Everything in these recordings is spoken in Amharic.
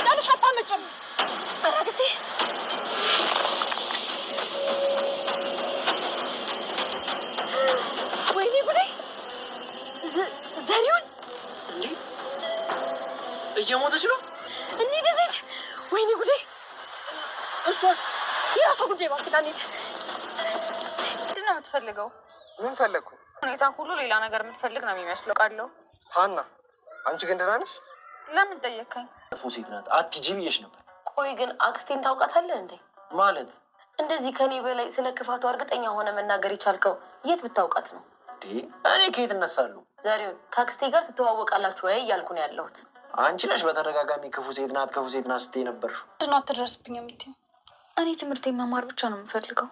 ታመጫለሽ አታመጭም? ወይኔ ጉዴ! ዘሪሁን እየሞተች ነው። እንሂድ እንሂድ። ወይኔ ጉዴ! እሷስ የራሷ ጉዳይ። ምንድን ነው የምትፈልገው? ምን ፈለግኩ? ሁኔታ ሁሉ ሌላ ነገር የምትፈልግ ነው የሚመስለው። ቃለው ሀና፣ አንቺ ግን ደህና ነሽ? ለምን ጠየቀኝ? ጥፉ ሴት ናት አትጂ ብዬሽ ነበር። ቆይ ግን አክስቴን ታውቃታለህ እንዴ? ማለት እንደዚህ ከኔ በላይ ስለ ክፋቱ እርግጠኛ ሆነ መናገር የቻልከው የት ብታውቃት ነው? እኔ ከየት እነሳለሁ? ዛሬውን ከአክስቴ ጋር ስትዋወቃላችሁ ወይ እያልኩ ነው ያለሁት። አንቺ ነሽ በተደጋጋሚ ክፉ ሴት ናት ክፉ ሴት ናት ስትይ ነበርሽ። ድና ትደረስብኝ የምትይው? እኔ ትምህርት መማር ብቻ ነው የምፈልገው።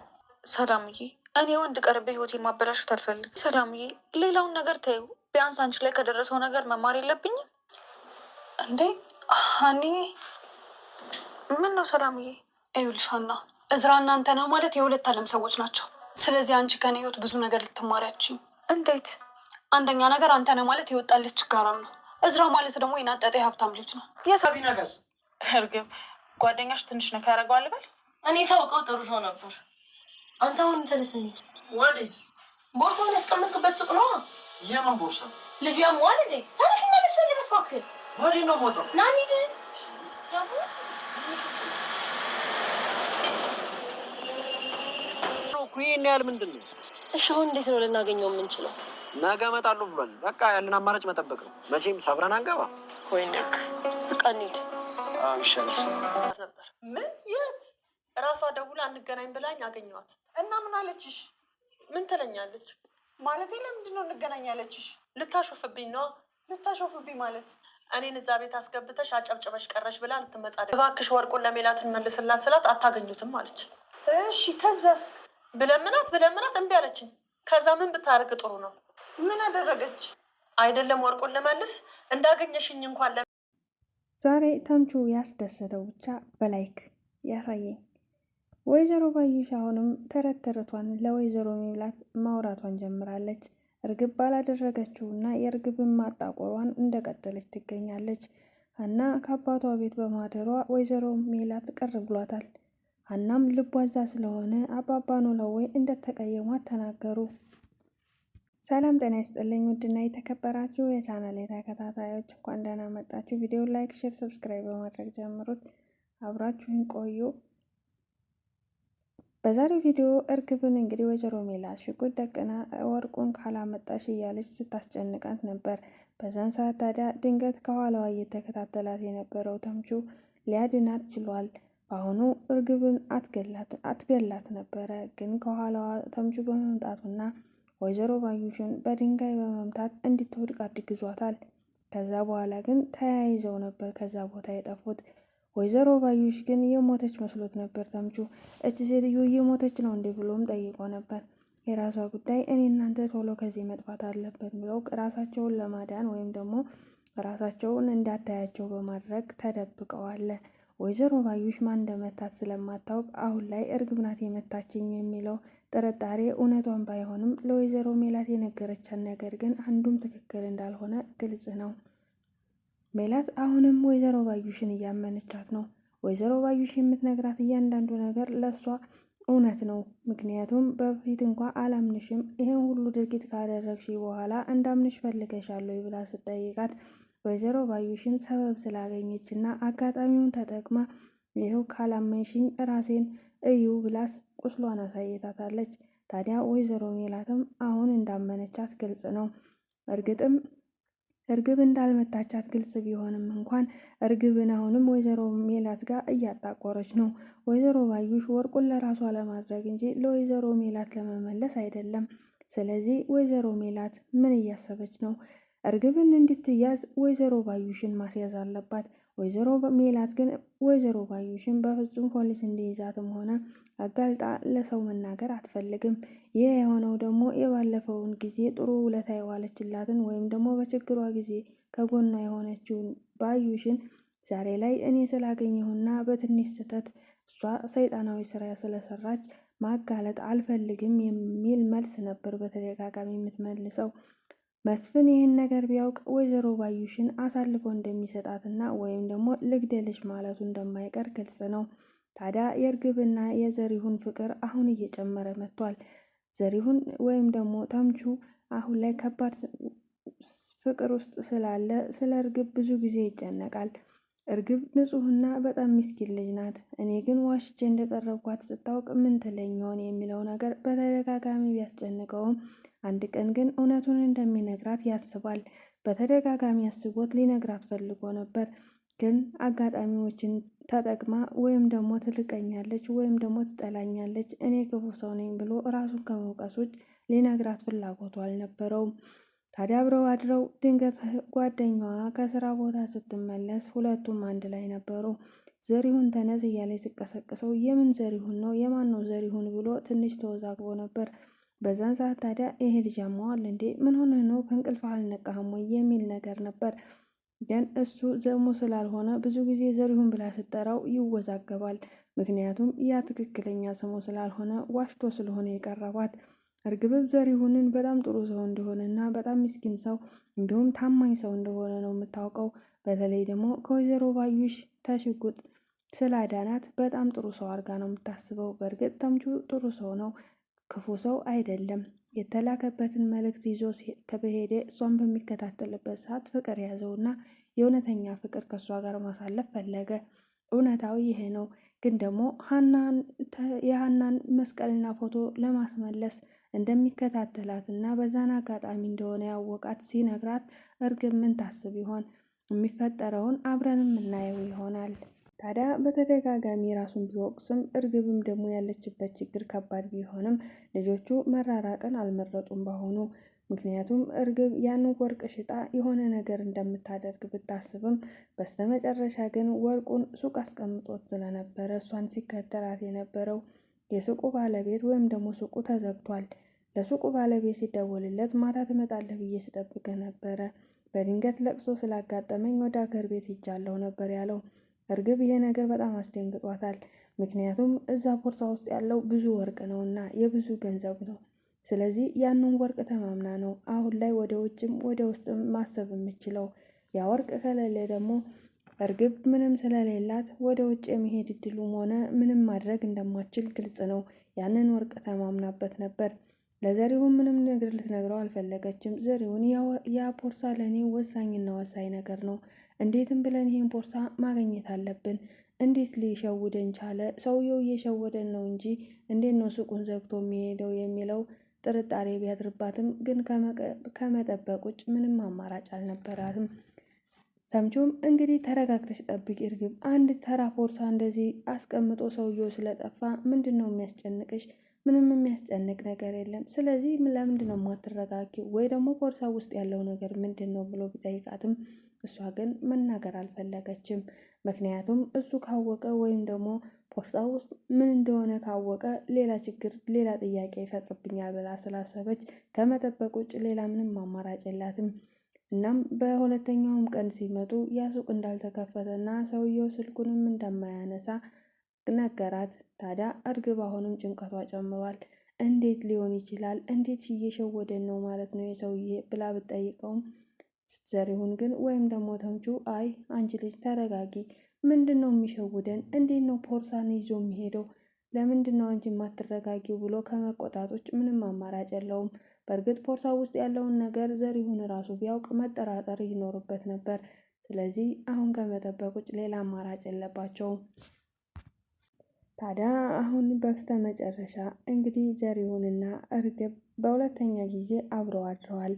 ሰላምዬ፣ እኔ ወንድ ቀርቤ ህይወቴ ማበላሸት አልፈልግም። ሰላምዬ፣ ሌላውን ነገር ተይው። ቢያንስ አንቺ ላይ ከደረሰው ነገር መማር የለብኝም እንዴ ሀኒ፣ ምን ነው ሰላምዬ? እዩልሻና እዝራ እናንተ ነው ማለት የሁለት አለም ሰዎች ናቸው። ስለዚህ አንቺ ከኔ ህይወት ብዙ ነገር ልትማሪያችኝ። እንዴት? አንደኛ ነገር አንተ ነው ማለት የወጣለች ጋራም ነው። እዝራ ማለት ደግሞ የናጠጠ የሀብታም ልጅ ነው። የሰቢ ነገር እርግብ፣ ጓደኛሽ ትንሽ ነካ ያደርገዋል። በል እኔ ሰው እቀው ጥሩ ሰው ነበር። አንተ አሁን ተነስ። ወዴት? ቦርሳውን ያስቀመጥክበት ሱቅ ነው። የምን ቦርሳ? ልጁ ያመዋል እንዴ? ተነስና ልብስ ልበስ ወዴት ነው የምወጣው? ና እንሂድ። ይሄን ያህል ምንድን ነው? እሺ አሁን እንዴት ነው ልናገኘው የምንችለው? ነገ እመጣለሁ ብሏል። በቃ ያለን አማራጭ መጠበቅ ነው። መቼም ሰብረን አንገባ። ወይኔ በቃ እንሂድ ነበር። ምን የት? እራሷ ደውላ እንገናኝ ብላኝ አገኘኋት እና ምን አለችሽ? ምን ትለኛለች? ማለቴ ለምንድን ነው እንገናኝ ያለችሽ? ልታሾፍብኝ ነዋ። ልታሾፍብኝ ማለት እኔን እዛ ቤት አስገብተሽ አጨብጭበሽ ቀረሽ ብላ ልትመጻደ እባክሽ ወርቁን ለሜላትን መልስላት ስላት አታገኙትም አለች። እሺ ከዛስ? ብለምናት ብለምናት እምቢ አለችኝ። ከዛ ምን ብታደርግ ጥሩ ነው? ምን አደረገች? አይደለም ወርቁን ልመልስ እንዳገኘሽኝ እንኳን ዛሬ ተምቹ ያስደሰተው ብቻ በላይክ ያሳየኝ። ወይዘሮ ባዩሽ አሁንም ተረት ተረቷን ለወይዘሮ ሜላት ማውራቷን ጀምራለች። እርግብ ባላደረገችውና የእርግብን ማጣቆሯን እንደቀጠለች ትገኛለች። ሀና ከአባቷ ቤት በማደሯ ወይዘሮ ሜላት ቅር ብሏታል። ሀናም ልቧ ስለሆነ አባባ ኖላዊ እንደተቀየሟት ተናገሩ። ሰላም ጤና ይስጥልኝ ውድና የተከበራችሁ የቻናል የተከታታዮች እንኳን ደህና መጣችሁ። ቪዲዮ ላይክ፣ ሼር፣ ሰብስክራይብ በማድረግ ጀምሩት። አብራችሁን ቆዩ። በዛሬው ቪዲዮ እርግብን እንግዲህ ወይዘሮ ሜላት ሽጉጥ ደቅና ወርቁን ካላመጣሽ እያለች ስታስጨንቃት ነበር። በዛን ሰዓት ታዲያ ድንገት ከኋላዋ እየተከታተላት የነበረው ተምቹ ሊያድናት ችሏል። በአሁኑ እርግብን አትገላት ነበረ፣ ግን ከኋላዋ ተምቹ በመምጣቱና ወይዘሮ ባዩሽን በድንጋይ በመምታት እንድትወድቅ አድግዟታል። ከዛ በኋላ ግን ተያይዘው ነበር ከዛ ቦታ የጠፉት። ወይዘሮ ባዩሽ ግን የሞተች መስሎት ነበር። ተምቹ እች ሴትዮ የሞተች ነው እንዴ ብሎም ጠይቆ ነበር። የራሷ ጉዳይ እኔ እናንተ ቶሎ ከዚህ መጥፋት አለበት ብለው ራሳቸውን ለማዳን ወይም ደግሞ ራሳቸውን እንዳታያቸው በማድረግ ተደብቀዋለ። ወይዘሮ ባዩሽ ማን እንደመታት ስለማታውቅ አሁን ላይ እርግብ ናት የመታችኝ የሚለው ጥርጣሬ እውነቷን ባይሆንም ለወይዘሮ ሜላት የነገረቻት ነገር ግን አንዱም ትክክል እንዳልሆነ ግልጽ ነው። ሜላት አሁንም ወይዘሮ ባዩሽን እያመነቻት ነው። ወይዘሮ ባዩሽ የምትነግራት እያንዳንዱ ነገር ለእሷ እውነት ነው። ምክንያቱም በፊት እንኳ አላምንሽም፣ ይህን ሁሉ ድርጊት ካደረግሽ በኋላ እንዳምንሽ ፈልገሻለሁ ብላ ስጠይቃት ወይዘሮ ባዩሽም ሰበብ ስላገኘች እና አጋጣሚውን ተጠቅማ ይኸው ካላመንሽኝ ራሴን እዩ ብላስ ቁስሏን አሳይታታለች። ታዲያ ወይዘሮ ሜላትም አሁን እንዳመነቻት ግልጽ ነው። እርግጥም እርግብ እንዳልመታቻት ግልጽ ቢሆንም እንኳን እርግብን አሁንም ወይዘሮ ሜላት ጋር እያጣቆረች ነው። ወይዘሮ ባዩሽ ወርቁን ለራሷ ለማድረግ እንጂ ለወይዘሮ ሜላት ለመመለስ አይደለም። ስለዚህ ወይዘሮ ሜላት ምን እያሰበች ነው? እርግብን እንድትያዝ ወይዘሮ ባዩሽን ማስያዝ አለባት። ወይዘሮ ሜላት ግን ወይዘሮ ባዩሽን በፍጹም ፖሊስ እንዲይዛትም ሆነ አጋልጣ ለሰው መናገር አትፈልግም። ይህ የሆነው ደግሞ የባለፈውን ጊዜ ጥሩ ውለታ የዋለችላትን ወይም ደግሞ በችግሯ ጊዜ ከጎኗ የሆነችውን ባዩሽን ዛሬ ላይ እኔ ስላገኘሁና በትንሽ ስህተት እሷ ሰይጣናዊ ስራ ስለሰራች ማጋለጥ አልፈልግም የሚል መልስ ነበር በተደጋጋሚ የምትመልሰው። መስፍን ይህን ነገር ቢያውቅ ወይዘሮ ባዩሽን አሳልፎ እንደሚሰጣትና ወይም ደግሞ ልግደልሽ ማለቱ እንደማይቀር ግልጽ ነው። ታዲያ የእርግብና የዘሪሁን ፍቅር አሁን እየጨመረ መጥቷል። ዘሪሁን ወይም ደግሞ ተምቹ አሁን ላይ ከባድ ፍቅር ውስጥ ስላለ ስለ እርግብ ብዙ ጊዜ ይጨነቃል። እርግብ ንጹሕና በጣም ምስኪን ልጅ ናት። እኔ ግን ዋሽቼ እንደቀረብኳት ስታውቅ ምን ትለኝ ይሆን የሚለው ነገር በተደጋጋሚ ቢያስጨንቀውም አንድ ቀን ግን እውነቱን እንደሚነግራት ያስባል። በተደጋጋሚ አስቦት ሊነግራት ፈልጎ ነበር። ግን አጋጣሚዎችን ተጠቅማ ወይም ደግሞ ትልቀኛለች ወይም ደግሞ ትጠላኛለች፣ እኔ ክፉ ሰው ነኝ ብሎ ራሱን ከመውቀስ ውጭ ሊነግራት ፍላጎቱ አልነበረውም። ታዲያ አብረው አድረው ድንገት ጓደኛዋ ከስራ ቦታ ስትመለስ ሁለቱም አንድ ላይ ነበሩ። ዘሪሁን ተነስ እያለ ሲቀሰቅሰው የምን ዘሪሁን ነው የማን ነው ዘሪሁን ብሎ ትንሽ ተወዛግቦ ነበር። በዛን ሰዓት ታዲያ ይሄ ልጅ አሟዋል እንዴ? ምን ሆነ ነው ከእንቅልፍ አልነቃህም ወይ የሚል ነገር ነበር። ግን እሱ ዘሙ ስላልሆነ ብዙ ጊዜ ዘሪሁን ብላ ስጠራው ይወዛገባል። ምክንያቱም ያ ትክክለኛ ስሙ ስላልሆነ ዋሽቶ ስለሆነ የቀረባት እርግብም ዘሪሁንን በጣም ጥሩ ሰው እንደሆነ እና በጣም ምስኪን ሰው እንዲሁም ታማኝ ሰው እንደሆነ ነው የምታውቀው። በተለይ ደግሞ ከወይዘሮ ባዩሽ ተሽጉጥ አዳናት በጣም ጥሩ ሰው አድርጋ ነው የምታስበው። በእርግጥ ተምቹ ጥሩ ሰው ነው፣ ክፉ ሰው አይደለም። የተላከበትን መልእክት ይዞ ከበሄደ እሷን በሚከታተልበት ሰዓት ፍቅር ያዘውና የእውነተኛ ፍቅር ከእሷ ጋር ማሳለፍ ፈለገ። እውነታዊ ይሄ ነው። ግን ደግሞ የሀናን መስቀልና ፎቶ ለማስመለስ እንደሚከታተላትና በዛን አጋጣሚ እንደሆነ ያወቃት ሲነግራት እርግብ ምን ታስብ ይሆን? የሚፈጠረውን አብረን የምናየው ይሆናል። ታዲያ በተደጋጋሚ ራሱን ቢወቅስም እርግብም ደግሞ ያለችበት ችግር ከባድ ቢሆንም ልጆቹ መራራቅን አልመረጡም በሆኑ ምክንያቱም እርግብ ያን ወርቅ ሽጣ የሆነ ነገር እንደምታደርግ ብታስብም በስተመጨረሻ ግን ወርቁን ሱቅ አስቀምጦት ስለነበረ እሷን ሲከተላት የነበረው የሱቁ ባለቤት ወይም ደግሞ ሱቁ ተዘግቷል ለሱቁ ባለቤት ሲደወልለት ማታ ትመጣለህ ብዬ ስጠብቅ ነበረ። በድንገት ለቅሶ ስላጋጠመኝ ወደ አገር ቤት ይጃለሁ ነበር ያለው። እርግብ ይሄ ነገር በጣም አስደንግጧታል። ምክንያቱም እዛ ቦርሳ ውስጥ ያለው ብዙ ወርቅ ነውና የብዙ ገንዘብ ነው። ስለዚህ ያንን ወርቅ ተማምና ነው አሁን ላይ ወደ ውጭም ወደ ውስጥም ማሰብ የምችለው። ያ ወርቅ ከሌለ ደግሞ እርግብ ምንም ስለሌላት ወደ ውጭ የመሄድ እድሉም ሆነ ምንም ማድረግ እንደማችል ግልጽ ነው። ያንን ወርቅ ተማምናበት ነበር ለዘሪሁን ምንም ነገር ልትነግረው አልፈለገችም። ዘሪሁን ያ ቦርሳ ለእኔ ወሳኝና ወሳኝ ነገር ነው፣ እንዴትም ብለን ይህን ቦርሳ ማግኘት አለብን። እንዴት ሊሸውደን ቻለ? ሰውየው እየሸወደን ነው እንጂ እንዴት ነው ሱቁን ዘግቶ የሚሄደው የሚለው ጥርጣሬ ቢያድርባትም ግን ከመጠበቅ ውጭ ምንም አማራጭ አልነበራትም። ተምቹም እንግዲህ ተረጋግተሽ ጠብቂ እርግብ፣ አንድ ተራ ቦርሳ እንደዚህ አስቀምጦ ሰውየው ስለጠፋ ምንድን ነው የሚያስጨንቅሽ? ምንም የሚያስጨንቅ ነገር የለም። ስለዚህ ለምንድን ነው የማትረጋጊው? ወይ ደግሞ ቦርሳ ውስጥ ያለው ነገር ምንድን ነው ብሎ ቢጠይቃትም እሷ ግን መናገር አልፈለገችም። ምክንያቱም እሱ ካወቀ ወይም ደግሞ ቦርሳ ውስጥ ምን እንደሆነ ካወቀ ሌላ ችግር፣ ሌላ ጥያቄ ይፈጥርብኛል ብላ ስላሰበች ከመጠበቅ ውጭ ሌላ ምንም አማራጭ የላትም። እናም በሁለተኛውም ቀን ሲመጡ ያ ሱቅ እንዳልተከፈተና ሰውየው ስልኩንም እንደማያነሳ ነገራት። ታዲያ እርግብ አሁንም ጭንቀቷ ጨምሯል። እንዴት ሊሆን ይችላል? እንዴት እየሸወደን ነው ማለት ነው የሰውዬ ብላ ብትጠይቀውም ዘሪሁን ግን ወይም ደግሞ ተምቹ አይ አንቺ ልጅ ተረጋጊ፣ ምንድን ነው የሚሸውደን? እንዴት ነው ፖርሳን ይዞ የሚሄደው? ለምንድን ነው አንቺ የማትረጋጊው? ብሎ ከመቆጣቶች ምንም አማራጭ የለውም። በእርግጥ ፖርሳ ውስጥ ያለውን ነገር ዘሪሁን ራሱ ቢያውቅ መጠራጠር ይኖርበት ነበር። ስለዚህ አሁን ከመጠበቅ ውጭ ሌላ አማራጭ የለባቸውም። ታዲያ አሁን በስተመጨረሻ እንግዲህ ዘሪሁንና እርግብ በሁለተኛ ጊዜ አብረው አድረዋል።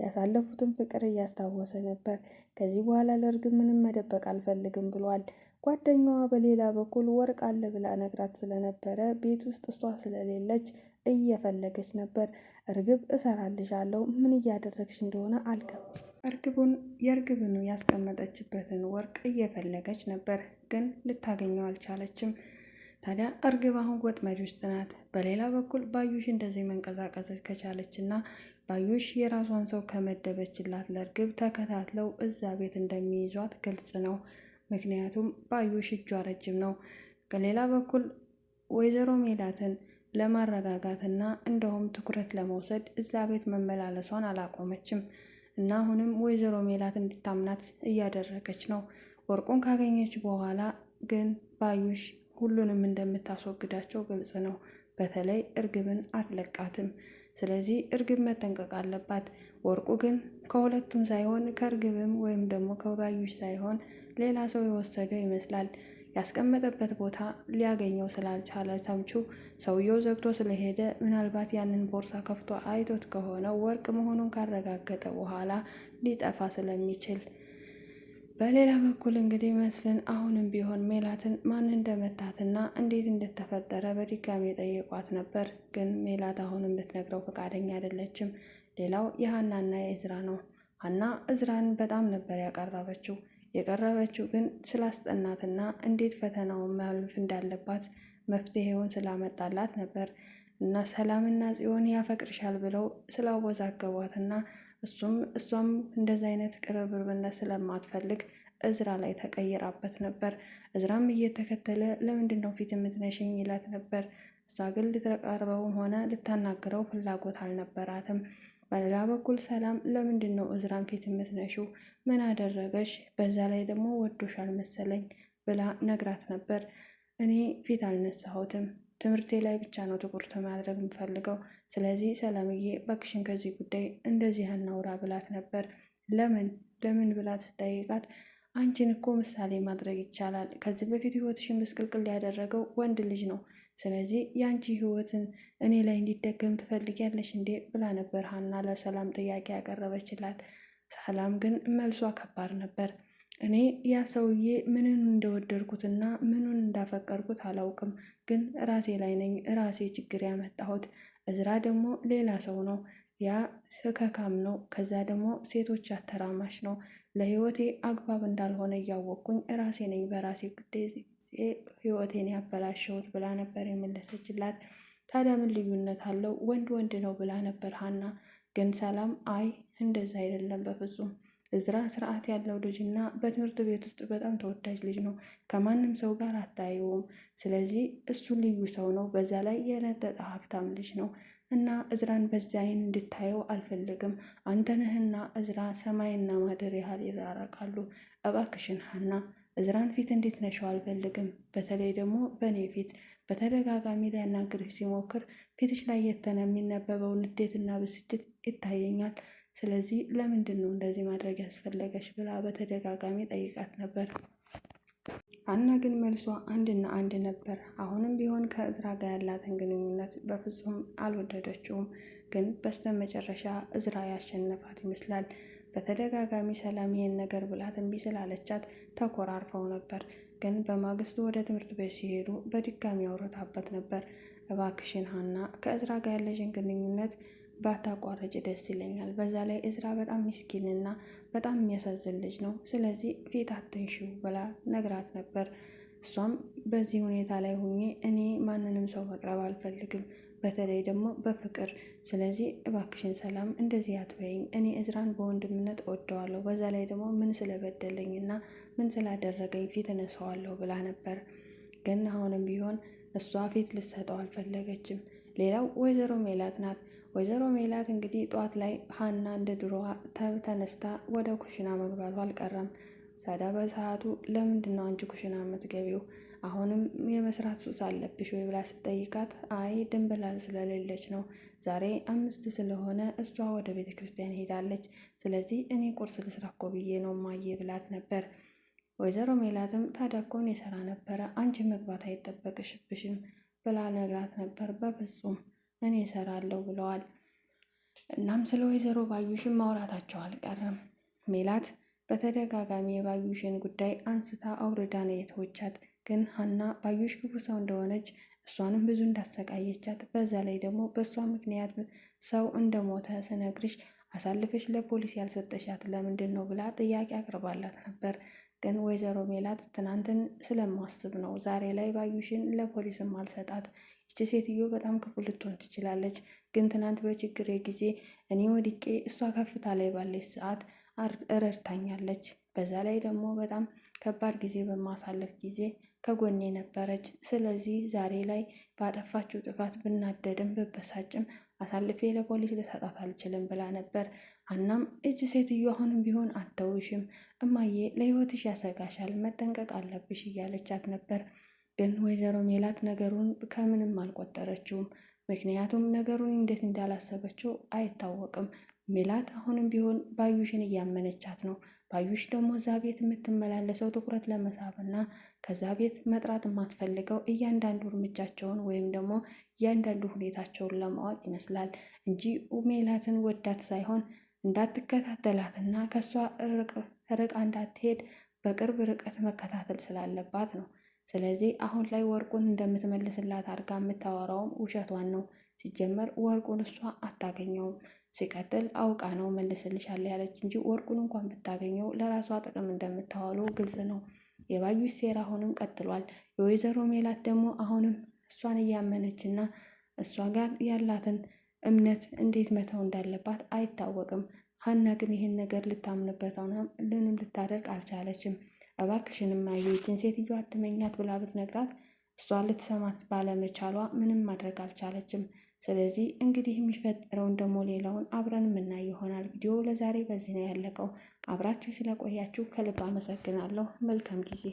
ያሳለፉትን ፍቅር እያስታወሰ ነበር። ከዚህ በኋላ ለእርግብ ምንም መደበቅ አልፈልግም ብሏል። ጓደኛዋ በሌላ በኩል ወርቅ አለ ብላ ነግራት ስለነበረ ቤት ውስጥ እሷ ስለሌለች እየፈለገች ነበር። እርግብ እሰራልሻለሁ፣ ምን እያደረግሽ እንደሆነ አልገባ እርግቡን የእርግብን ያስቀመጠችበትን ወርቅ እየፈለገች ነበር፣ ግን ልታገኘው አልቻለችም። ታዲያ እርግብ አሁን ወጥመድ ውስጥ ናት። በሌላ በኩል ባዩሽ እንደዚህ መንቀሳቀስ ከቻለች እና ባዩሽ የራሷን ሰው ከመደበችላት ለእርግብ ተከታትለው እዛ ቤት እንደሚይዟት ግልጽ ነው። ምክንያቱም ባዩሽ እጇ ረጅም ነው። ከሌላ በኩል ወይዘሮ ሜላትን ለማረጋጋትና እንደውም ትኩረት ለመውሰድ እዛ ቤት መመላለሷን አላቆመችም እና አሁንም ወይዘሮ ሜላት እንድታምናት እያደረገች ነው። ወርቁን ካገኘች በኋላ ግን ባዩሽ ሁሉንም እንደምታስወግዳቸው ግልጽ ነው። በተለይ እርግብን አትለቃትም። ስለዚህ እርግብ መጠንቀቅ አለባት። ወርቁ ግን ከሁለቱም ሳይሆን ከእርግብም ወይም ደግሞ ከባዩሽ ሳይሆን ሌላ ሰው የወሰደው ይመስላል። ያስቀመጠበት ቦታ ሊያገኘው ስላልቻለ ተምቹ ሰውየው ዘግቶ ስለሄደ ምናልባት ያንን ቦርሳ ከፍቶ አይቶት ከሆነ ወርቅ መሆኑን ካረጋገጠ በኋላ ሊጠፋ ስለሚችል በሌላ በኩል እንግዲህ መስፍን አሁንም ቢሆን ሜላትን ማን እንደመታትና እንዴት እንደተፈጠረ በድጋሚ የጠየቋት ነበር። ግን ሜላት አሁንም ልትነግረው ፈቃደኛ አይደለችም። ሌላው የሀናና የእዝራ ነው። ሀና እዝራን በጣም ነበር ያቀረበችው የቀረበችው ግን ስላስጠናትና እንዴት ፈተናውን ማለፍ እንዳለባት መፍትሄውን ስላመጣላት ነበር። እና ሰላምና ጽዮን ያፈቅርሻል ብለው እና እሱም እሷም እንደዚ አይነት ቅርብርብነት ስለማትፈልግ እዝራ ላይ ተቀይራበት ነበር። እዝራም እየተከተለ ለምንድን ነው ፊት የምትነሽኝ ይላት ነበር። እሷ ግን ልትቀርበውም ሆነ ልታናግረው ፍላጎት አልነበራትም። በሌላ በኩል ሰላም ለምንድን ነው እዝራን ፊት የምትነሹ? ምን አደረገሽ? በዛ ላይ ደግሞ ወዶሻል መሰለኝ ብላ ነግራት ነበር። እኔ ፊት አልነሳሁትም ትምህርቴ ላይ ብቻ ነው ትኩረት ማድረግ የምፈልገው። ስለዚህ ሰላምዬ እባክሽን ከዚህ ጉዳይ እንደዚህ አናውራ ብላት ነበር። ለምን ለምን ብላት ስጠይቃት አንቺን እኮ ምሳሌ ማድረግ ይቻላል። ከዚህ በፊት ህይወትሽን ምስቅልቅል ያደረገው ወንድ ልጅ ነው። ስለዚህ የአንቺ ህይወትን እኔ ላይ እንዲደገም ትፈልጊያለሽ እንዴ ብላ ነበር ሀና ለሰላም ጥያቄ ያቀረበችላት። ሰላም ግን መልሷ ከባድ ነበር። እኔ ያ ሰውዬ ምንን እንደወደድኩትና ምኑን እንዳፈቀርኩት አላውቅም፣ ግን ራሴ ላይ ነኝ ራሴ ችግር ያመጣሁት። እዝራ ደግሞ ሌላ ሰው ነው። ያ ህከካም ነው። ከዛ ደግሞ ሴቶች አተራማሽ ነው። ለህይወቴ አግባብ እንዳልሆነ እያወቅኩኝ ራሴ ነኝ በራሴ ግዴ ህይወቴን ያበላሸሁት ብላ ነበር የመለሰችላት። ታዲያ ምን ልዩነት አለው? ወንድ ወንድ ነው ብላ ነበር ሀና። ግን ሰላም አይ እንደዛ አይደለም በፍጹም እዝራ ስርዓት ያለው ልጅ እና በትምህርት ቤት ውስጥ በጣም ተወዳጅ ልጅ ነው። ከማንም ሰው ጋር አታየውም። ስለዚህ እሱ ልዩ ሰው ነው። በዛ ላይ የነጠጠ ሀብታም ልጅ ነው እና እዝራን በዛ አይን እንድታየው አልፈልግም። ነህና እዝራ ሰማይና ማደር ያህል ይራራቃሉ። እባክሽን ሀና እዝራን ፊት እንዴት ነሸው አልፈልግም። በተለይ ደግሞ በእኔ ፊት በተደጋጋሚ ሊያናግርሽ ሲሞክር ፊትሽ ላይ የተነ የሚነበበው ንዴትና ብስጭት ይታየኛል። ስለዚህ ለምንድን ነው እንደዚህ ማድረግ ያስፈለገሽ ብላ በተደጋጋሚ ጠይቃት ነበር። አና ግን መልሷ አንድና አንድ ነበር። አሁንም ቢሆን ከእዝራ ጋር ያላትን ግንኙነት በፍጹም አልወደደችውም። ግን በስተመጨረሻ እዝራ ያሸነፋት ይመስላል። በተደጋጋሚ ሰላም ይህን ነገር ብላት እምቢ ስላለቻት ተኮራርፈው ነበር። ግን በማግስቱ ወደ ትምህርት ቤት ሲሄዱ በድጋሚ አውርታበት ነበር። እባክሽን ሀና ከእዝራ ጋር ያለሽን ግንኙነት ባታቋረጭ ደስ ይለኛል። በዛ ላይ እዝራ በጣም ምስኪንና በጣም የሚያሳዝን ልጅ ነው። ስለዚህ ፊት አትንሺው ብላ ነግራት ነበር። እሷም በዚህ ሁኔታ ላይ ሆኜ እኔ ማንንም ሰው መቅረብ አልፈልግም፣ በተለይ ደግሞ በፍቅር ስለዚህ እባክሽን ሰላም እንደዚህ አትበይኝ። እኔ እዝራን በወንድምነት እወደዋለሁ፣ በዛ ላይ ደግሞ ምን ስለበደለኝ እና ምን ስላደረገኝ ፊት እነሰዋለሁ ብላ ነበር። ግን አሁንም ቢሆን እሷ ፊት ልሰጠው አልፈለገችም። ሌላው ወይዘሮ ሜላት ናት። ወይዘሮ ሜላት እንግዲህ ጧት ላይ ሀና እንደ ድሮዋ ተነስታ ወደ ኩሽና መግባቱ አልቀረም። ታዲያ በሰዓቱ ለምንድን ነው አንቺ ኩሽና የምትገቢው? አሁንም የመስራት ሱስ አለብሽ ወይ ብላ ስጠይቃት አይ ድንብላል ስለሌለች ነው፣ ዛሬ አምስት ስለሆነ እሷ ወደ ቤተ ክርስቲያን ሄዳለች። ስለዚህ እኔ ቁርስ ልስራ እኮ ብዬ ነው ማየ ብላት ነበር። ወይዘሮ ሜላትም ታዲያ እኮ እኔ ሰራ ነበረ አንቺ መግባት አይጠበቅሽብሽም ብላ ነግራት ነበር። በፍጹም እኔ እሰራለሁ ብለዋል። እናም ስለ ወይዘሮ ባዩሽም ማውራታቸው አልቀረም ሜላት በተደጋጋሚ የባዩሽን ጉዳይ አንስታ አውርዳ ነው የተወቻት። ግን ሀና ባዩሽ ክፉ ሰው እንደሆነች እሷንም ብዙ እንዳሰቃየቻት፣ በዛ ላይ ደግሞ በእሷ ምክንያት ሰው እንደሞተ ስነግርሽ አሳልፈሽ ለፖሊስ ያልሰጠሻት ለምንድን ነው ብላ ጥያቄ አቅርባላት ነበር። ግን ወይዘሮ ሜላት ትናንትን ስለማስብ ነው ዛሬ ላይ ባዩሽን ለፖሊስም አልሰጣት። ይቺ ሴትዮ በጣም ክፉ ልትሆን ትችላለች። ግን ትናንት በችግር ጊዜ እኔ ወድቄ እሷ ከፍታ ላይ ባለች ሰዓት ረድታኛለች። በዛ ላይ ደግሞ በጣም ከባድ ጊዜ በማሳለፍ ጊዜ ከጎኔ ነበረች። ስለዚህ ዛሬ ላይ ባጠፋችው ጥፋት ብናደድም ብበሳጭም አሳልፌ ለፖሊስ ልሰጣት አልችልም ብላ ነበር። አናም እጅ ሴትዮ አሁንም ቢሆን አተውሽም፣ እማዬ ለህይወትሽ ያሰጋሻል፣ መጠንቀቅ አለብሽ እያለቻት ነበር። ግን ወይዘሮ ሜላት ነገሩን ከምንም አልቆጠረችውም። ምክንያቱም ነገሩን እንዴት እንዳላሰበችው አይታወቅም። ሜላት አሁንም ቢሆን ባዩሽን እያመነቻት ነው። ባዩሽ ደግሞ እዛ ቤት የምትመላለሰው ትኩረት ለመሳብና ከዛ ቤት መጥራት የማትፈልገው እያንዳንዱ እርምጃቸውን ወይም ደግሞ እያንዳንዱ ሁኔታቸውን ለማወቅ ይመስላል እንጂ ሜላትን ወዳት ሳይሆን እንዳትከታተላትና ከእሷ ርቃ እንዳትሄድ በቅርብ ርቀት መከታተል ስላለባት ነው። ስለዚህ አሁን ላይ ወርቁን እንደምትመልስላት አድርጋ የምታወራውም ውሸቷን ነው። ሲጀመር ወርቁን እሷ አታገኘውም። ሲቀጥል አውቃ ነው መልስልሻለሁ ያለች እንጂ ወርቁን እንኳን ብታገኘው ለራሷ ጥቅም እንደምታዋሉ ግልጽ ነው። የባዩሽ ሴራ አሁንም ቀጥሏል። የወይዘሮ ሜላት ደግሞ አሁንም እሷን እያመነች እና እሷ ጋር ያላትን እምነት እንዴት መተው እንዳለባት አይታወቅም። ሀና ግን ይህን ነገር ልታምንበት ሆናም ልንም ልታደርግ አልቻለችም። እባክሽን እማዬ ይችን ሴትዮ አትመኛት ብላ ብትነግራት እሷ ልትሰማት ባለመቻሏ ምንም ማድረግ አልቻለችም። ስለዚህ እንግዲህ የሚፈጠረውን ደግሞ ሌላውን አብረን የምናይ ይሆናል። ቪዲዮ ለዛሬ በዚህ ነው ያለቀው። አብራችሁ ስለቆያችሁ ከልብ አመሰግናለሁ። መልካም ጊዜ